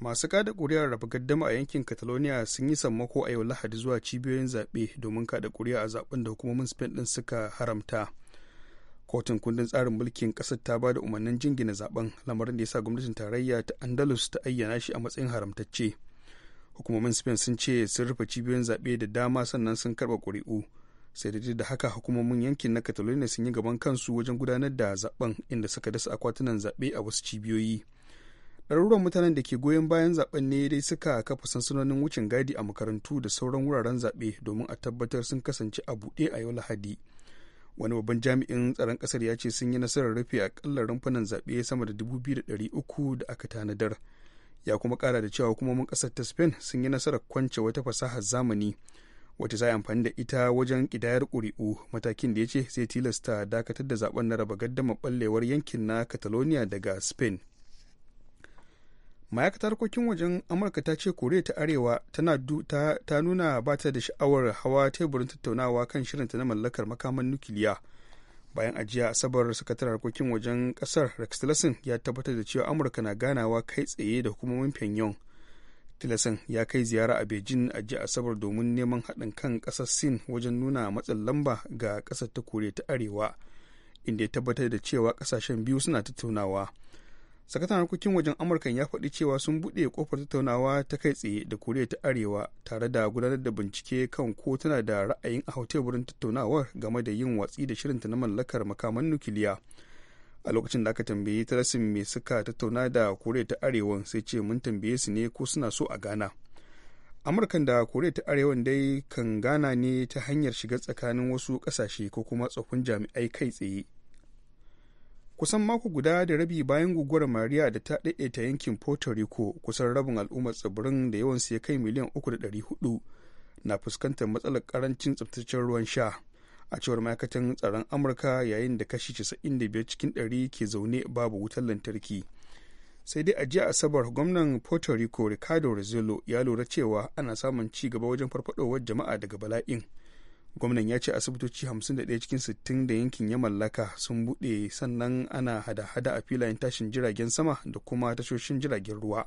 masu kada kuri'ar raba gaddama a yankin catalonia sun yi sammako a yau lahadi zuwa cibiyoyin zaɓe domin kada kuri'a a zaɓen da hukumomin spain ɗin suka haramta kotun kundin tsarin mulkin ƙasar ta ba da umarnin jingina zaɓen lamarin da ya sa gwamnatin tarayya ta andalus ta ayyana shi a matsayin haramtacce hukumomin spain sun ce sun rufe cibiyoyin zaɓe da dama sannan sun karɓa ƙuri'u sai da da haka hukumomin yankin na catalonia sun yi gaban kansu wajen gudanar da zaɓen inda suka dasa akwatunan zaɓe a wasu cibiyoyi ɗaruruwan mutanen da ke goyon bayan zaben ne dai suka kafa sansanonin wucin gadi a makarantu da sauran wuraren zaɓe domin a tabbatar sun kasance a buɗe a yau lahadi wani babban jami'in tsaron ƙasar ya ce sun yi nasarar rufe a ƙalla rumfunan zaɓe sama da dubu biyu da ɗari uku da aka tanadar ya kuma ƙara da cewa hukumomin ƙasar ta spain sun yi nasarar kwance wata fasahar zamani wata za amfani da ita wajen ƙidayar ƙuri'u matakin da ya ce zai tilasta dakatar da zaben na raba gaddama ɓallewar yankin na catalonia daga spain ma'aikatar harkokin wajen amurka ta ce koriya ta arewa tana ta nuna ba ta da sha'awar hawa teburin tattaunawa kan shirinta na mallakar makaman nukiliya bayan ajiya asabar sakataren harkokin wajen kasar rex tillerson ya tabbatar da cewa amurka na ganawa kai tsaye da hukumomin pyongyang tillerson ya kai ziyara a beijing ajiya asabar domin neman haɗin kan ƙasar sin wajen nuna matsin lamba ga ƙasar ta koriya ta arewa inda ya tabbatar da cewa ƙasashen biyu suna tattaunawa sakataren harkokin wajen amurka ya faɗi cewa sun buɗe kofar tattaunawa ta kai tsaye da koriya ta arewa tare da gudanar da bincike kan ko tana da ra'ayin a hautar wurin tattaunawar game da yin watsi da shirinta na mallakar makaman nukiliya a lokacin da aka tambayi tarasin mai suka tattauna da koriya ta arewa sai ce mun tambaye su ne ko suna so a gana amurkan da koriya ta arewan dai kan gana ne ta hanyar shiga tsakanin wasu ƙasashe ko kuma tsoffin jami'ai kai tsaye kusan mako guda da rabi bayan guguwar maria da ta ta yankin puerto rico kusan rabin al'ummar tsibirin da yawan ya kai miliyan 3.4 na fuskantar matsalar karancin tsabtaccen ruwan sha a cewar ma'aikatan tsaron amurka yayin da kashi 95 cikin 100 ke zaune babu wutar lantarki sai dai a jiya asabar gwamnan puerto rico ricardo rizzolo ya lura cewa ana samun ci gaba wajen farfadowar jama'a daga bala'in gwamnan ya ce asibitoci 51 cikin 60 da yankin ya mallaka sun bude sannan ana hada-hada a filayen tashin jiragen sama da kuma tashoshin jiragen ruwa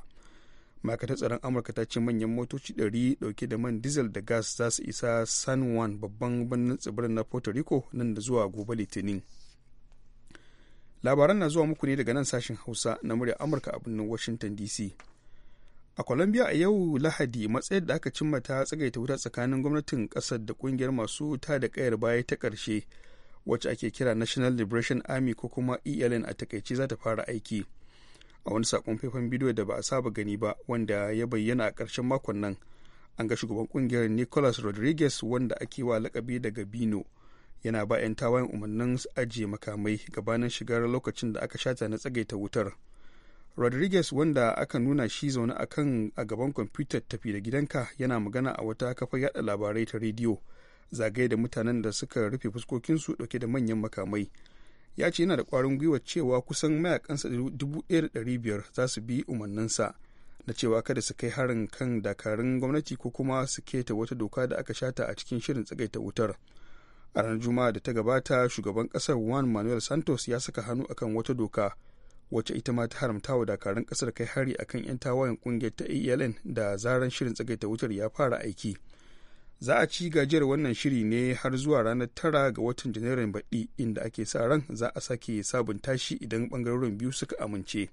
ma'aikatar tsaron amurka ta ce manyan motoci 100 dauke da man diesel da gas za su isa san juan babban birnin tsibirin na puerto rico nan da zuwa gobe litinin labaran na zuwa muku ne daga nan sashen hausa na murya amurka a birnin washington dc a colombia a yau lahadi matsayar da aka cimma ta tsagaita wuta tsakanin gwamnatin kasar da kungiyar masu ta da kayar baya ta karshe wacce ake kira national liberation army ko kuma eln a takaici za ta fara aiki a wani sakon faifan bidiyo da ba a saba gani ba wanda ya bayyana a karshen makon nan an ga shugaban kungiyar nicolas rodriguez wanda ake wa lakabi daga bino yana ba 'yan tawayen umarnin ajiye makamai gabanin shigar lokacin da aka shata na tsagaita wutar rodriguez wanda aka nuna shi zaune a kan a gaban kwamfutar tafi da gidanka yana magana a wata kafar yada labarai ta rediyo zagaye da mutanen da suka rufe fuskokinsu dauke da manyan makamai ya ce yana da kwarin gwiwa cewa kusan mayakansa biyar za su bi umarninsa na cewa kada su kai harin kan dakarun gwamnati ko kuma su keta wata doka da aka shata a cikin shirin tsagaita wutar a ranar juma'a da ta gabata shugaban kasar juan manuel santos ya saka hannu akan wata doka wacce ita ma ta haramta wa dakarun kasar kai hari akan 'yan tawayen kungiyar ta ALN e da zaran shirin tsagaita wutar ya fara aiki. Za a ci gajiyar wannan shiri ne har zuwa ranar tara ga watan Janairun baɗi inda ake sa ran za a sake sabunta shi idan ɓangarorin biyu suka amince.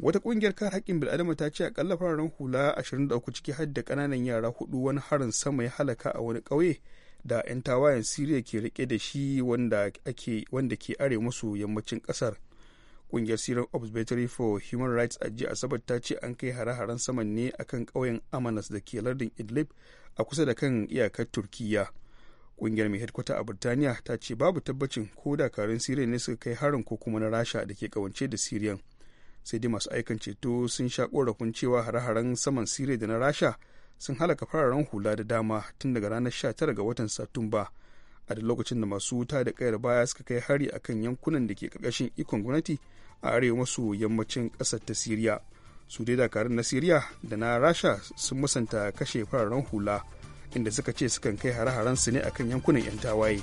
Wata ƙungiyar kare haƙƙin bil'adama ta ce akalla fararen hula 23 ciki har da ƙananan yara hudu wani harin sama ya halaka a wani ƙauye da 'yan tawayen Siriya ke rike da shi wanda ke arewa masu yammacin ƙasar. kungiyar syrian observatory for human rights a jiya asabar ta ce an kai hare-haren saman ne akan ƙauyen amanas da ke lardin idlib a kusa da kan iyakar turkiya kungiyar mai hedkwata a birtaniya ta ce babu tabbacin ko dakarun syria ne suka kai harin ko kuma na rasha da ke kawance da syrian sai dai masu aikan ceto sun sha korafin cewa hare-haren saman syria da na rasha sun halaka fararen hula da dama tun daga ranar 19 ga watan satumba a duk lokacin da masu wuta da kayar baya suka kai hari akan yankunan da ke karkashin ikon gwamnati a arewa maso yammacin ƙasar ta siriya su dai dakarun na siriya da na rasha sun musanta kashe fararen hula inda suka ce sukan kai hare-haren su ne akan yankunan 'yan tawaye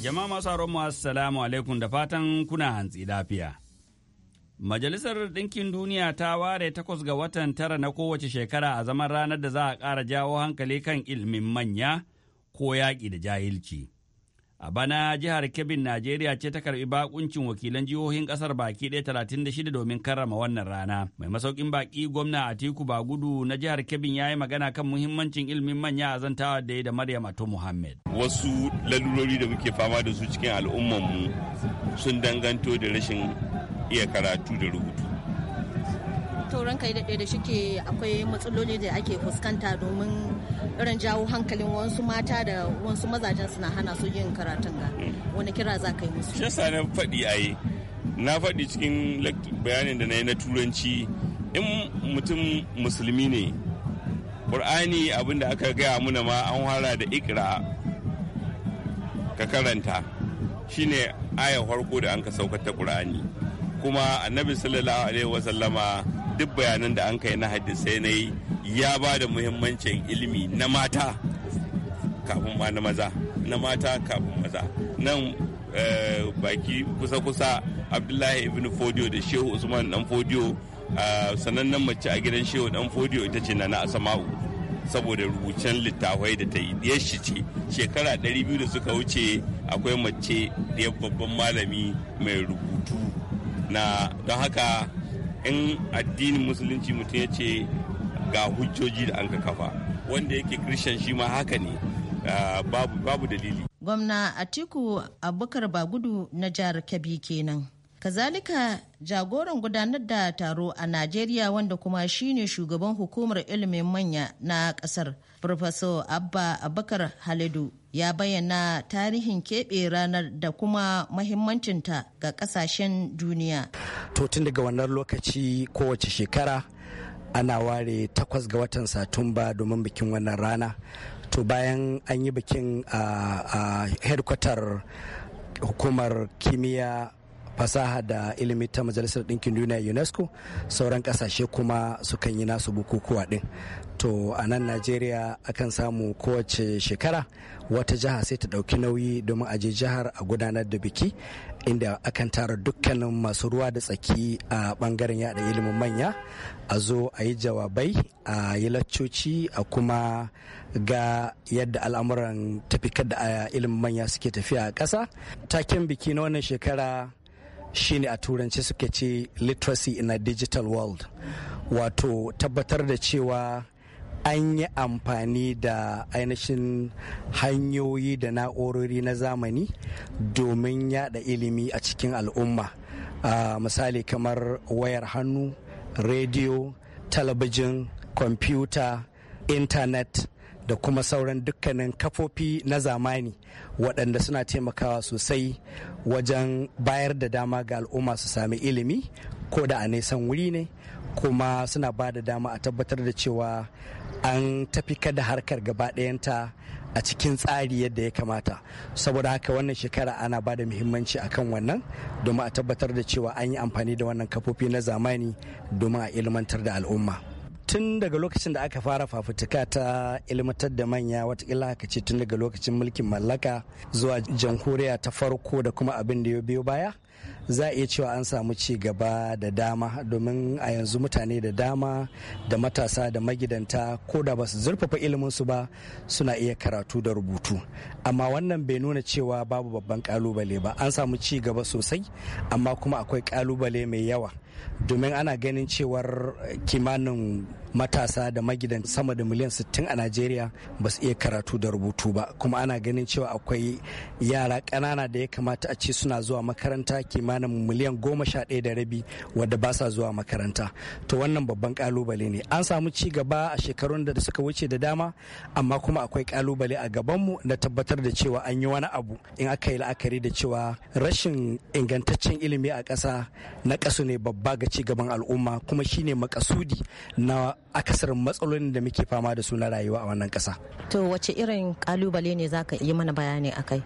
Jama'a masu mu assalamu alaikum da fatan kuna hantsi lafiya. Majalisar Ɗinkin Duniya ta ware takwas ga watan tara na kowace shekara a zaman ranar da za a ƙara jawo hankali kan ilimin manya ko yaƙi da jahilci. A bana jihar kebin Najeriya ce ta karbi bakuncin wakilan jihohin kasar baki ɗaya talatin da shida domin karrama wannan rana. Mai masaukin baki gwamna Atiku Bagudu na jihar kebin ya yi magana kan muhimmancin ilimin manya a zantawa da ya da Maryam Ato muhammed. Wasu lalurori da muke fama da su cikin al'ummanmu sun danganto da rashin iya karatu da rubutu. tauran kai da daɗe da shike akwai matsaloli da ake fuskanta domin irin jawo hankalin wasu mata da wasu mazajen suna hana su yin karatun ga wani kira za ka yi musu shi yasa na faɗi a yi na faɗi cikin bayanin da na yi na turanci in mutum musulmi ne ƙur'ani abin da aka gaya muna ma an fara da ikira ka karanta shine ayar farko da an ka saukar ta ƙur'ani kuma annabi sallallahu alaihi wasallama duk bayanan da an kai na hadisai na yi ya ba da muhimmancin ilimi na mata kafin ma na maza na mata kafin maza nan eh, baki kusa-kusa abdullahi ibn fodiyo da shehu usman dan fodiyo ah, sanannen mace a gidan shehu dan fodiyo ita ce na asama'u saboda rubucen littafai da ta yi shi ce shekara 200 da suka wuce akwai mace da babban malami mai rubutu na don haka in addinin musulunci mutum ya ce ga hujjoji da an ka kafa wanda yake kirshen shi ma haka ne ah, babu, babu dalili gwamna atiku abubakar bagudu na jihar kebbi kenan kazalika jagoran gudanar da taro a najeriya wanda kuma shine shugaban hukumar ilimin manya na kasar Professor abba abakar halidu ya bayyana tarihin keɓe ranar da kuma mahimmancinta ga ƙasashen duniya to tun daga wannan lokaci kowace shekara ana ware takwas ga watan satumba domin bikin wannan rana to bayan an yi bikin a uh, uh, hukumar kimiyya fasaha da ilimi ta majalisar ɗinkin duniya unesco sauran ƙasashe kuma sukan yi nasu bukukuwa ɗin to a nan najeriya akan samu kowace shekara wata jiha sai ta ɗauki nauyi domin aje jihar a gudanar da biki inda akan tara dukkanin masu ruwa da tsaki a bangaren yada ilimin manya a zo a yi jawabai a yi laccoci a kuma ga yadda al'amuran tafikar da ilimin manya suke tafiya a ƙasa taken biki na wannan shekara shine a turanci suke ce literacy in a digital world wato tabbatar da cewa an yi amfani da ainihin hanyoyi da na'urori na zamani domin yada ilimi a cikin al'umma misali kamar wayar hannu rediyo talabijin kwamfuta intanet da kuma sauran dukkanin kafofi na zamani waɗanda suna taimakawa sosai wajen bayar da dama ga al'umma su sami ilimi ko da a nisan wuri ne kuma suna ba da dama a tabbatar da cewa an tafi kada harkar gaba ɗayanta a cikin tsari yadda ya kamata saboda haka wannan shekara ana ba da muhimmanci akan wannan domin a tabbatar da cewa an yi amfani da wannan kafofi na zamani domin a ilmantar da al'umma tun daga lokacin da aka fara fafutuka ta ilmantar da manya watakila haka ce tun daga lokacin mulkin mallaka zuwa jamhuriya ta farko da kuma abin da ya biyo baya za a iya cewa an samu ci gaba da dama domin a yanzu mutane da dama da matasa da magidanta ko da ba su zurfafa su ba suna iya karatu da rubutu amma wannan bai nuna cewa babu babban kalubale ba an samu ci gaba sosai amma kuma akwai kalubale mai yawa domin ana ganin cewar kimanin matasa da magidan sama da miliyan 60 a najeriya ba su iya karatu da rubutu ba kuma ana ganin cewa akwai yara ƙanana da ya kamata a ce suna zuwa makaranta kimanin miliyan goma sha ɗaya da rabi wadda ba sa zuwa makaranta to wannan babban kalubale ne an samu ci gaba a shekarun da suka wuce da dama amma kuma akwai kalubale a gabanmu na tabbatar da cewa an yi wani abu in aka yi la'akari da cewa rashin ingantaccen ilimi a ƙasa na ƙasu ne babba ga ci gaban al'umma kuma shine makasudi na akasar matsalolin da muke fama da su na rayuwa a wannan kasa. To wace irin kalubale ne zaka yi mana bayani akai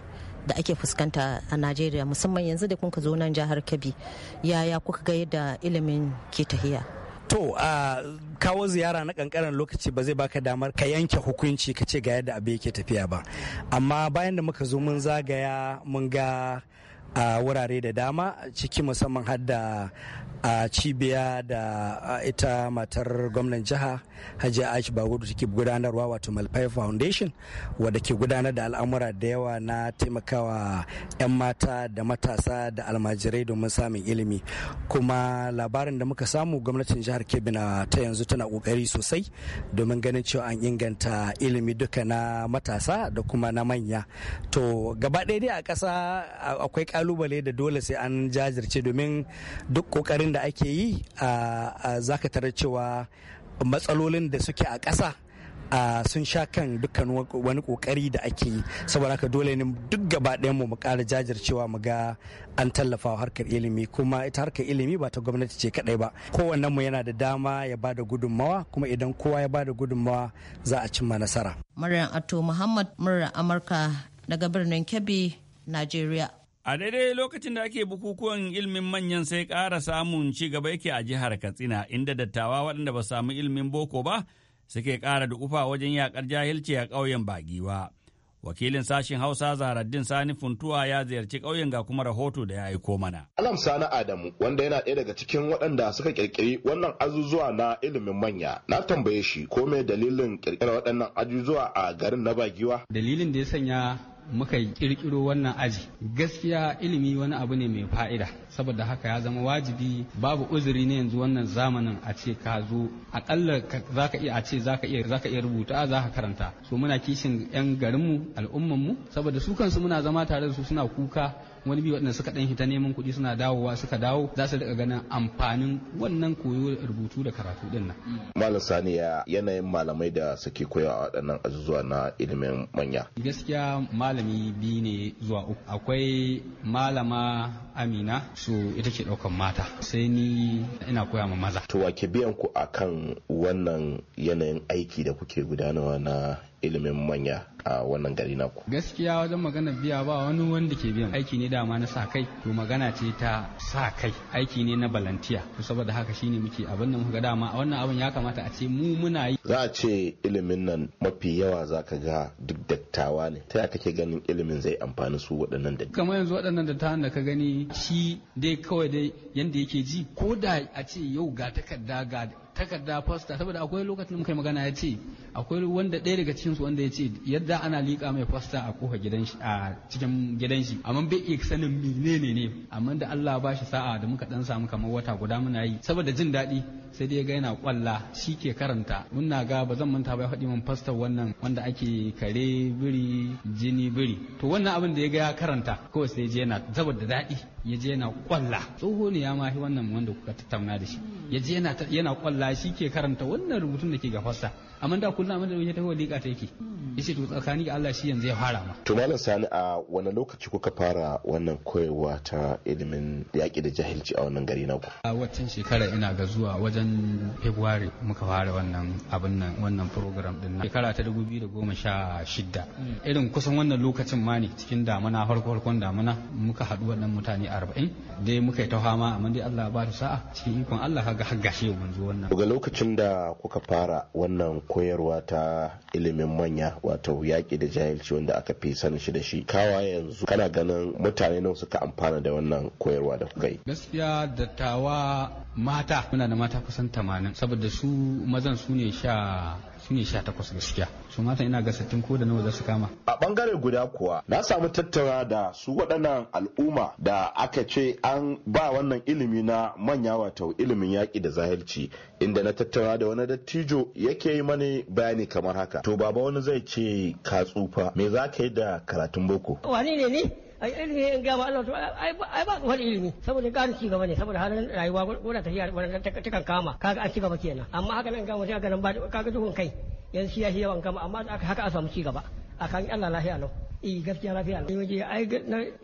da ake fuskanta a Najeriya musamman yanzu da kuka zo nan jihar Kebbi yaya kuka ga yadda ilimin ke tahiya? To a kawo ziyara na kankanin lokaci ba zai baka damar ka yanke hukunci ka ce ga yadda abu yake tafiya ba amma bayan da muka zo mun zagaya mun ga a wurare da dama ciki musamman hadda a cibiya da ita matar gwamnan jiha hajiya aisha bagudu take gudanarwa wato malfai foundation wadda ke gudanar da al'amura da yawa na taimakawa 'yan mata da matasa da almajirai domin samun ilimi kuma labarin da muka samu gwamnatin jihar kebbi ta yanzu tana kokari sosai domin ganin cewa an inganta ilimi duka na matasa da kuma na manya to gaba ɗaya dai a ƙasa akwai kalubale da dole sai an jajirce domin duk kokarin da ake yi a ka tarar cewa matsalolin da suke a ƙasa Uh, sun sha kan dukkan wani kokari da ake yi saboda haka dole ne duk gaba ɗayan mu ƙara jajircewa mu ga an tallafa harkar ilimi kuma ita harkar ilimi ba ta gwamnati ce kaɗai ba kowannen mu yana da dama ya ba da gudunmawa kuma idan kowa ya ba da gudunmawa za a cimma nasara. Maryam Ato Muhammad murar Amurka daga birnin Kebbi, Najeriya. A daidai lokacin da ake bukukuwan ilmin manyan sai ƙara samun ci gaba yake a jihar Katsina inda dattawa waɗanda ba samu ilmin boko ba suke ƙara da ufa wajen yaƙar jahilci a ƙauyen Bagiwa. Wakilin sashen Hausa Zaharaddin Sani Funtuwa ya ziyarci ƙauyen ga kuma rahoto da ya aiko mana. Alam Sani Adamu wanda yana ɗaya daga cikin waɗanda suka ƙirƙiri wannan azuzuwa na ilimin manya. Na tambaye shi ko mai dalilin ƙirƙirar waɗannan azuzuwa a garin na Bagiwa? Dalilin da ya sanya muka kirkiro wannan aji gaskiya ilimi wani abu ne mai fa'ida saboda haka ya zama wajibi babu uzuri ne yanzu wannan zamanin a ce ka zo akalla ka iya a ce za ka iya rubuta za ka karanta so muna kishin yan garinmu al'ummar mu saboda su kansu muna zama tare da su suna kuka wani bi waɗanda suka ɗan hita neman kuɗi suna dawowa suka dawo za su daga ganin amfanin wannan koyo rubutu da karatu ɗin nan. Malam Saniya yanayin malamai da suke koya a waɗannan azuzuwa na ilimin manya. Gaskiya malami biyu ne zuwa uku. Akwai malama amina su ita ke ɗaukan mata sai ni ina koya ma maza to ke biyan ku akan wannan yanayin aiki da kuke gudanarwa na ilimin manya a wannan gari naku gaskiya wajen magana biya ba wani wanda ke biyan aiki ne dama na sa kai to magana ce ta sa kai aiki ne na balantiya to saboda haka shine muke abin da muka dama a wannan abin ya kamata a ce mu muna yi za a ce ilimin nan mafi yawa za ka ga duk dattawa ne ta ya kake ganin ilimin zai amfani su waɗannan da kamar yanzu waɗannan dattawan da ka gani shi dai kawai dai yanda yake ji ko da a ce yau ga takarda ga takarda fosta saboda akwai lokacin muka yi magana ya ce akwai wanda ɗaya daga cikinsu wanda ya ce yadda ana liƙa mai fasta a kofa gidan a cikin gidan shi amma bai iya sanin menene ne amma da Allah ba shi sa'a da muka dan samu kamar wata guda muna yi saboda jin daɗi sai dai ga yana kwalla shi ke karanta mun na ga ba zan manta ba ya faɗi min fastar wannan wanda ake kare biri jini biri to wannan abin da ya ga ya karanta kawai sai je yana zabar da daɗi ya je yana kwalla tsoho ne ya mahi wannan wanda kuka tattauna da shi ya je yana kwalla shi ke karanta wannan rubutun da ke ga fasta amma da kullum amma da ya tafi liƙa ta yake hmm. yace to tsakani ga Allah shi yanzu ya fara ma to malam sani a wani lokaci kuka fara wannan koyarwa ta ilimin yaƙi da jahilci a wannan gari na ku? a watan shekara ina ga zuwa wajen February muka fara wannan abin nan wannan program din nan shekara ta 2016 hmm. irin kusan wannan lokacin ma ne cikin damana farko farkon damana muka haɗu waɗannan mutane arba'in. dai muka yi ta fama amma dai Allah ba sa'a cikin ikon Allah ga har gashe mun zo wannan daga lokacin da kuka fara wannan koyarwa ta ilimin manya wato yaƙi da jahilci wanda aka fi sanin shi da shi kawa yanzu kana ganin mutane nawa suka amfana da wannan koyarwa da kuka yi gaskiya dattawa mata muna da mata kusan tamanin saboda su mazan su ne sha shine ne sha takwas gaskiya su mata ina ga sattin ko da nawa za su kama a bangare guda kuwa na samu tattara da su waɗannan al'umma da aka ce an ba wannan ilimi na manya wato ilimin yaƙi da zahilci inda na tattara da wani dattijo yake yi mani bayani kamar haka to baba wani zai ce ka tsufa me za ka yi da karatun boko wani ne ni ai ilimi in ga ma Allah ai ba wani ilimi saboda ƙarin ci gaba ne saboda halin rayuwa ko ta tafiya wannan kan kama kaga an ci gaba kenan amma haka nan ga mutum haka nan ba kaga duhun kai yanzu shi ya shi yawan kama amma haka a samu ci gaba akan Allah lahiya lau eh gaskiya lafiya ne waje ai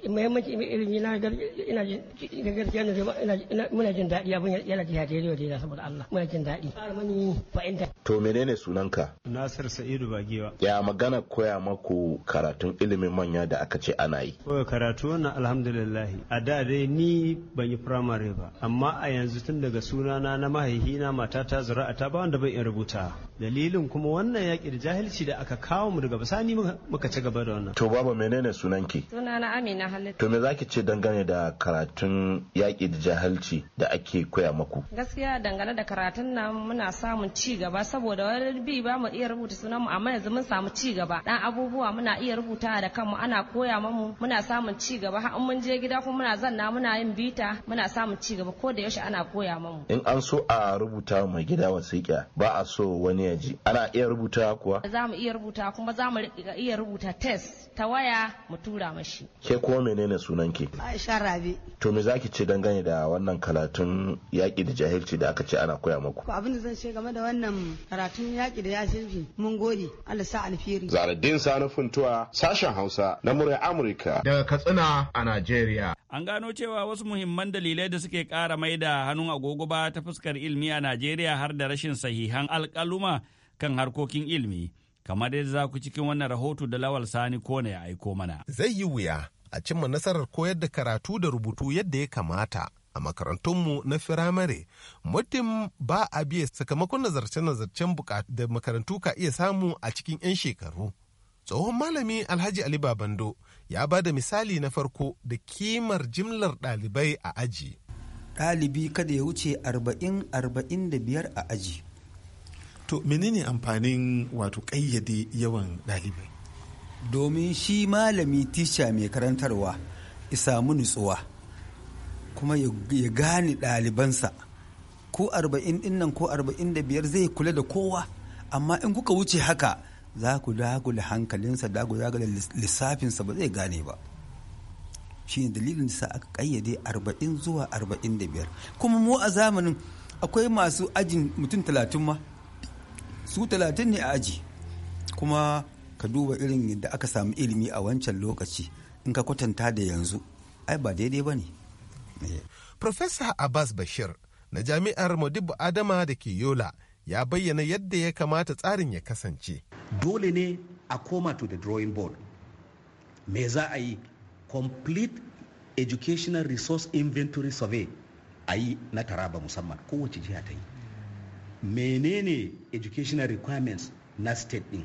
muhimmanci ilimi na ina jin gaskiya ne muna jin daɗi abin yana jiya da yau da saboda Allah muna jin daɗi mani fa'inta to menene sunanka Nasir Sa'idu Bagewa ya magana koya maku karatun ilimin manya da aka ce ana yi koya karatu wannan alhamdulillah a da dai ni ban yi primary ba amma a yanzu tun daga sunana na mahaihina matata ta ba wanda ban iya rubuta dalilin kuma wannan yaƙi da jahilci da aka kawo mu daga bisani muka ci gaba da wannan Obama menene sunanki na amina halittu. to me zaki ce dangane da karatun yaƙi da jahalci da ake koya maku gaskiya dangane da karatun nan muna samun ci gaba saboda wani bi ba mu iya rubuta sunan mu amma yanzu mun samu ci gaba dan abubuwa muna iya rubuta da kanmu ana koya mamu muna samun ci gaba har mun je gida kuma muna zanna muna yin bita muna samun ci gaba ko da yaushe ana koya mamu in an so a rubuta mai gida wasiƙa ba a so wani ya ji ana iya rubuta kuwa za mu iya rubuta kuma za mu iya rubuta test ta waya mu tura mashi ke kuma menene sunanki Aisha Rabi to me zaki ce dangane da wannan karatun yaƙi da jahilci da aka ce ana koya muku abin da zan ce game da wannan karatun yaƙi da jahilci mun gode Allah sa alfiri Zaradin Sani Funtuwa sashen Hausa na murya Amurka daga Katsina a Najeriya an gano cewa wasu muhimman dalilai da suke ƙara mai da hannun agogo ba ta fuskar ilmi a Najeriya har da rashin sahihan alƙaluma kan harkokin ilmi kamar yadda za ku cikin wannan rahoto da Lawal Sani ko na ya aiko mana. Zai yi wuya a cimma nasarar koyar da karatu da rubutu yadda ya kamata a makarantunmu na firamare muddin ba a biya sakamakon nazarce-nazarcen bukatu da makarantu ka iya samu a cikin 'yan shekaru. Tsohon malami Alhaji Ali Babando ya ba da misali na farko da kimar jimlar ɗalibai a aji. Ɗalibi kada ya wuce arba'in arba'in da biyar a aji. to menene amfanin wato ƙayyade yawan ɗalibai domin shi malami tisha mai karantarwa isa mu nutsuwa kuma ya gane ɗalibansa ko arba'in dinnan ko arba'in da biyar zai kula da kowa amma in kuka wuce haka za ku dagula hankalinsa dagula lissafinsa ba zai gane ba shi ne dalilin da sa aka kayyade arba'in zuwa arba'in da biyar. kuma mu a zamanin akwai masu ajin mutum talatin ma su talatin ne a aji kuma ka duba irin yadda aka samu ilimi a wancan lokaci in ka kwatanta da yanzu ai ba daidai ba ne eh. Profesa Abbas Bashir na jami'ar Modibu Adama da ke Yola ya bayyana yadda ya kamata tsarin ya kasance. Dole ne a koma to the drawing board. Me za a yi complete educational resource inventory survey a yi na taraba musamman kowace jiha ta yi. menene educational requirements na state din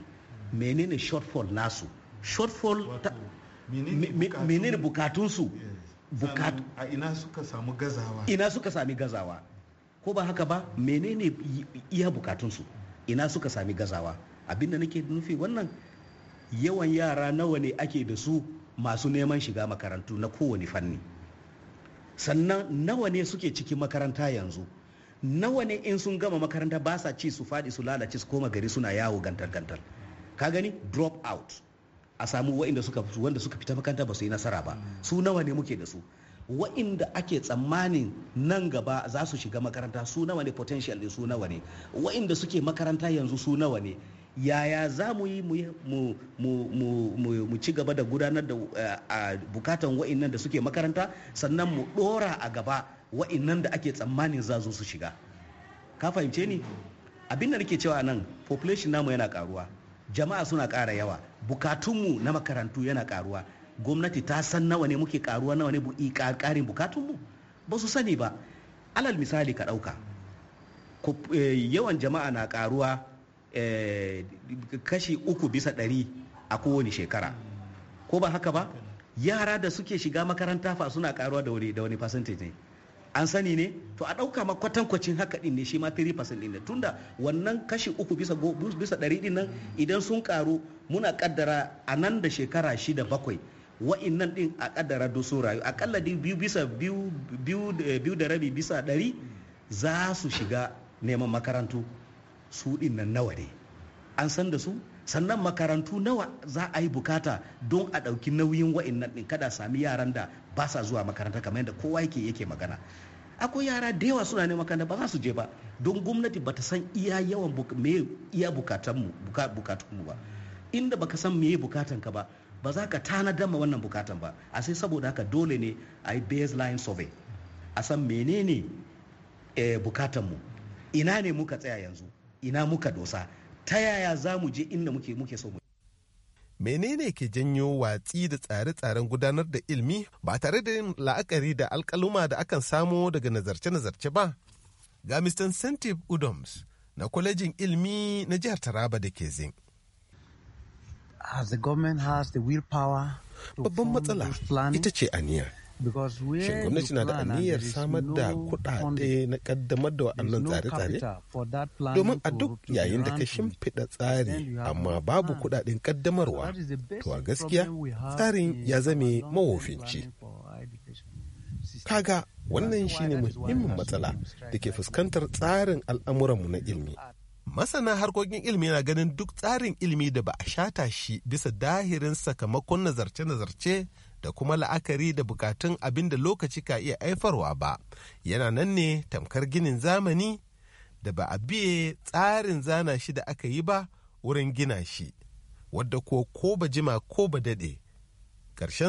menene shortfall nasu shortfall menene bukatunsu bukatu a ina suka samu gazawa ina suka sami gazawa ko ba haka ba menene iya bukatunsu ina suka sami gazawa abinda nake nufi wannan yawan yara nawa ne ake da su masu neman shiga makarantu na kowane fanni sannan nawa ne suke cikin makaranta yanzu nawa ne in sun gama makaranta ba sa ci su faɗi su lalace su koma gari suna yawo gantar gantar ka gani drop out a samu wa'inda suka wanda suka fita makaranta ba su yi nasara ba su nawa ne muke da su wa'inda ake tsammanin nan gaba za su shiga makaranta su nawa ne potential ne su nawa ne wa'inda suke makaranta yanzu su nawa ne yaya za mu yi mu ci gaba da gudanar da eh, bukatan wa'innan da suke makaranta sannan mu dora a gaba wa'innan da ake tsammanin za su shiga ka fahimce ni abin da nake cewa nan population namu yana karuwa jama'a suna kara yawa bukatunmu na makarantu yana karuwa gwamnati ta san nawa ne muke karuwa nawa ne ƙarin bukatunmu ba su sani ba alal misali ka ɗauka eh, yawan jama'a na karuwa eh, kashi uku bisa ɗari a kowane shekara ko ba haka ba yara da suke shiga makaranta fa suna karuwa da wani percentage ne an sani ne to a ɗauka ma kwatankwacin haka ɗin ne shi ma 3% ɗin ne tunda wannan kashi uku bisa bisa ɗari ɗin nan idan sun karu muna ƙaddara a nan da shekara shida bakwai wa'innan ɗin a kaddara do rayu akalla biyu bisa eh, biyu da rabi bisa ɗari za su shiga neman makarantu su ɗin nan nawa ne an san da su sannan makarantu nawa za a yi bukata don a ɗauki nauyin wa'innan ɗin kada sami yaran da ba sa zuwa makaranta kamar yadda kowa yake yake magana akwai yara da yawa suna neman makaranta ba za su je ba don gwamnati bata san iya yawan me iya mu ba inda baka san meye ka ba ba za ka tana dama wannan bukatan ba a sai saboda haka dole ne a yi baseline survey a san menene eh, bukatanmu ina ne muka tsaya yanzu ina muka dosa ta yaya za mu je inda muke muke so menene ke janyo watsi da tsare-tsaren gudanar da ilmi ba tare da yin la'akari da alkaluma da akan samo daga nazarce-nazarce ba ga mr incentive udoms na kwalejin ilmi na jihar taraba da ke zin babban matsala ita ce aniyar Shin gwamnati na da aniyar samar da kuɗaɗe na ƙaddamar da waɗannan tsare-tsare? Domin a duk yayin da ka shimfiɗa tsari amma babu kuɗaɗen ƙaddamarwa, to a gaskiya tsarin ya zame mawofinci. Kaga wannan shine muhimmin matsala da ke fuskantar tsarin al'amuranmu na ilmi. Masana harkokin ilimi na ganin duk tsarin ilmi da ba a shata shi bisa dahirin sakamakon nazarce-nazarce da kuma la'akari da bukatun abin da lokaci ka iya aifarwa ba yana nan ne tamkar ginin zamani da ba a biye tsarin zana shi da aka yi ba wurin gina shi wadda ko ko ba jima ko ba daɗe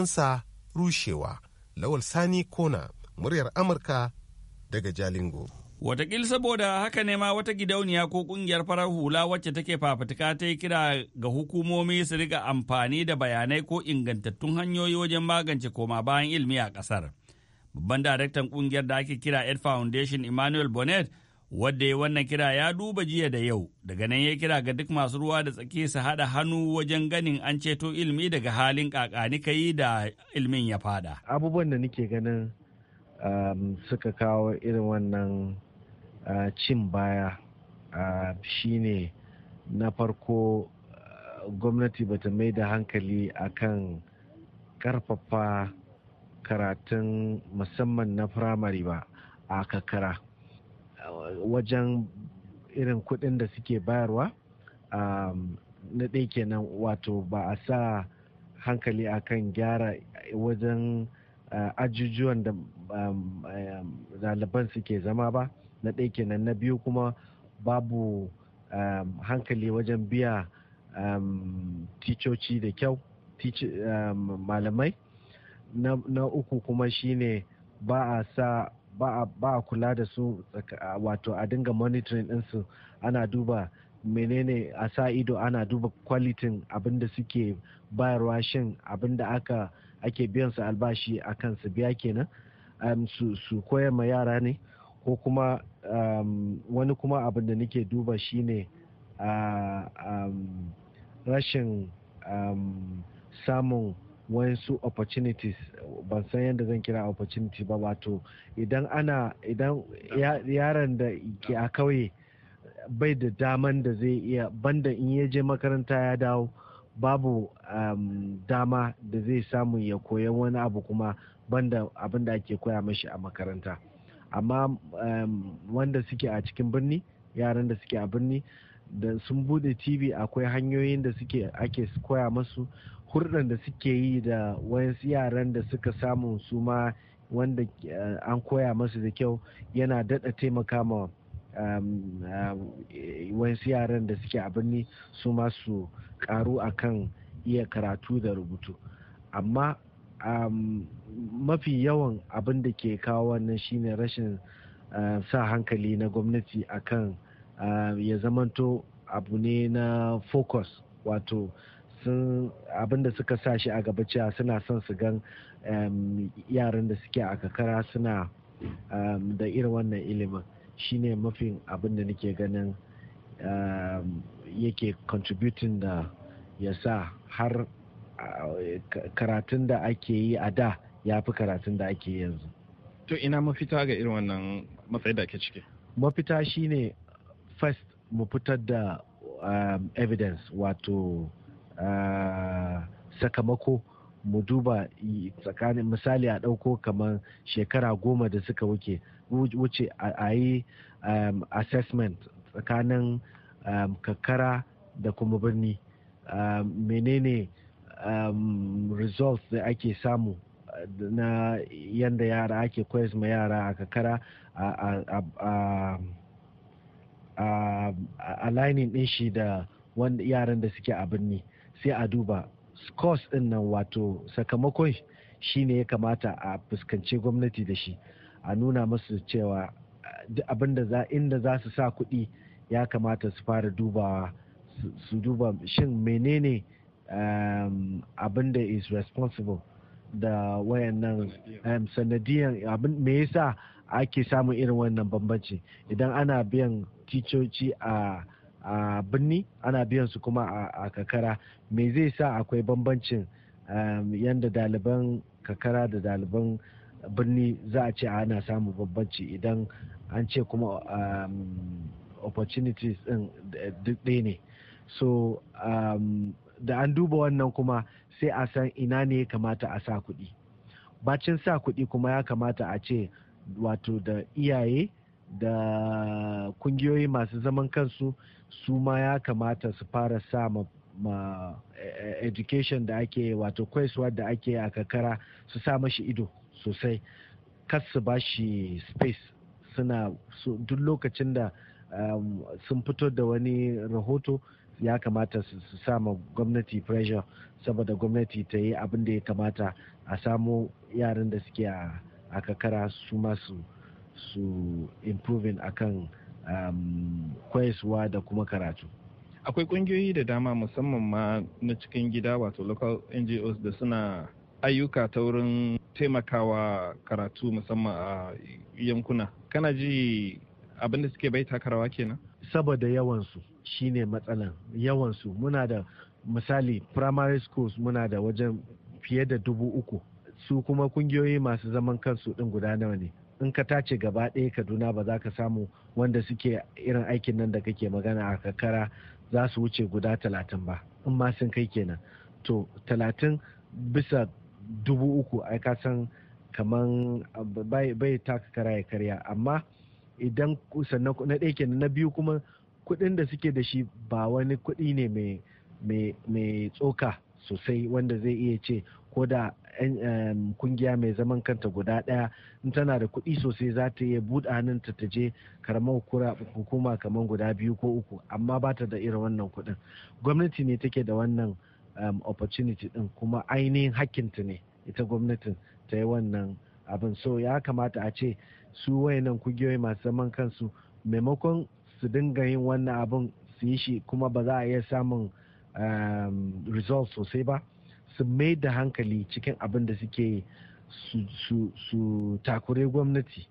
sa rushewa lawal sani kona muryar amurka daga jalingo Watakil saboda haka ne ma wata gidauniya ko ƙungiyar farar hula wacce take fafutuka ta yi kira ga hukumomi su riga amfani da bayanai ko ingantattun hanyoyi wajen magance koma bayan ilmi a ƙasar. Babban daraktan ƙungiyar da ake kira Ed Foundation Emmanuel Bonnet wadda ya wannan kira ya duba jiya da yau daga nan ya kira ga duk masu ruwa da tsaki su haɗa hannu wajen ganin an ceto ilmi daga halin ka kai da ilmin ya fada. Abubuwan da nake ganin um, suka kawo irin wannan cin baya shine na farko gwamnati bata mai da hankali akan karfafa karatun musamman na firamare ba a kakara wajen irin kudin da suke bayarwa na ɗaya kenan wato ba a sa hankali akan gyara wajen ajujuwan da ɗaliban suke zama ba na ɗaya kenan na biyu kuma babu um, hankali wajen biya um, ticoci da kyau um, malamai na, na uku kuma shine ba a sa ba a kula da su wato a dinga monitoring ɗinsu ana duba menene a sa ido ana duba kwalitin abinda da suke bayarwa shin abinda aka ake biyan su albashi a kan su biya kenan um, su, su koyar ma yara ne ko kuma Um, wani kuma abin da nake duba shine um, rashin um, samun wasu opportunities ban san yadda zan kira opportunity ba wato idan ana idan yaron da ke a kauye bai da daman da zai iya banda in ya je makaranta ya dawo babu dama da zai samu ya koyan wani abu kuma banda abin da ake koya mashi a makaranta amma wanda suke a cikin birni yaran da suke a birni da sun bude tv akwai hanyoyin da suke ake koya masu hurɗan da suke yi da wayansu yaran da suka samu su ma wanda eh, an koya masu da kyau yana daɗa taimaka ma wayansu yaran da suke a birni su ma su ƙaru akan iya karatu da rubutu amma mafi yawan abin da ke kawo wannan shine rashin uh, sa hankali na gwamnati akan uh, ya zamanto abu ne na focus wato abin da suka sa shi a gaba cewa suna son su gan yaran da suke a kakara suna da irin wannan ilimin shine mafin abin da nake ganin um, yake contributing da ya sa har karatun da ake yi a da ya fi karatun da ake yanzu to ina mafita ga irin wannan matsayi da ake ciki mafita shine first mu fitar da um, evidence wato uh, sakamako mu duba tsakanin misali a ɗauko kamar shekara goma da suka wuce wuce a yi um, assessment tsakanin um, kakkara da kuma birni um, menene um, results da ake samu uh, na yadda yara ake koyas ma yara a kakara a lining din shi da yaran da suke a birni sai a duba scores din nan wato sakamakon shi ne ya kamata a fuskanci gwamnati da shi a nuna masu cewa uh, abinda za inda za su sa kuɗi ya kamata su fara dubawa su duba shin menene Um, abin da is responsible da wayannan sanadiyan um, abin me yasa ake samun irin wannan bambanci idan ana biyan ticoci a a birni ana biyan su kuma a kakara me zai sa akwai bambancin um, yadda daliban kakara da daliban birni za a ce ana samun bambanci idan an ce kuma opportunities din duk ɗaya ne so da an duba wannan kuma sai a san ina ne ya kamata a sa kuɗi bacin sa kuɗi kuma ya kamata a ce wato da iyaye da kungiyoyi masu zaman kansu su ma ya kamata su fara sa ma, eh, education da ake wato kwaisuwa da ake a kakara su sa mashi ido sosai kas su ba shi space suna duk lokacin da um, sun fito da wani rahoto ya kamata su sama gwamnati pressure saboda gwamnati ta yi abin da ya kamata a samo yaran da suke a kakara su masu su improving akan um, kwayaswa da kuma karatu akwai kungiyoyi da dama musamman ma na cikin gida wato local ngos da suna ayyuka ta wurin taimakawa karatu musamman a yankuna kana ji abinda suke bai takarawa kenan saboda yawansu shine matsalan yawansu muna da misali primary schools muna da wajen fiye da dubu uku su kuma kungiyoyi masu zaman kansu din guda nawa ne in ka tace gaba ɗaya kaduna ba za ka samu wanda suke irin aikin nan da kake magana a kakara za su wuce guda talatin ba in ma sun kai kenan to talatin bisa dubu uku ai ka san kaman bai taka kara ya karya amma idan sannan na ɗaya kenan na biyu kuma kuɗin da suke da shi ba wani kuɗi ne mai tsoka sosai wanda zai iya ce ko da kungiya mai zaman kanta guda ɗaya in tana da kuɗi sosai za ta iya buɗa nan ta ta je karamar hukuma kamar guda biyu ko uku amma ba ta da irin wannan kuɗin gwamnati ne take da wannan opportunity ɗin kuma ainihin hakkinta ne ita gwamnatin ta yi wannan abin so ya kamata a ce su wayannan kungiyoyi masu zaman kansu maimakon su dinga yin wannan abin su yi shi kuma ba za a iya samun um, results sosai ba su mai da hankali cikin abin da suke su takure gwamnati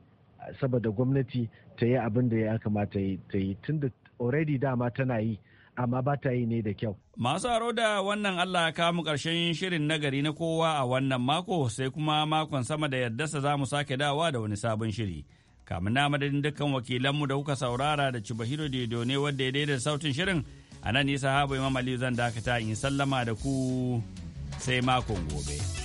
saboda gwamnati ta yi abin da ya kamata ta yi tun da already dama tana yi amma ba ta yi ne da kyau. Masu aro da wannan Allah ya kamu ƙarshen shirin nagari na kowa a wannan mako sai kuma makon sama da yardarsa za mu sake dawa da wani sabon shiri. kamar na madadin dukkan wakilanmu da kuka saurara da Cibahiro Dedo ne wadda ya daidai sautin shirin a nan nisa habu Imam Aliyu zan dakata in sallama da ku sai makon gobe.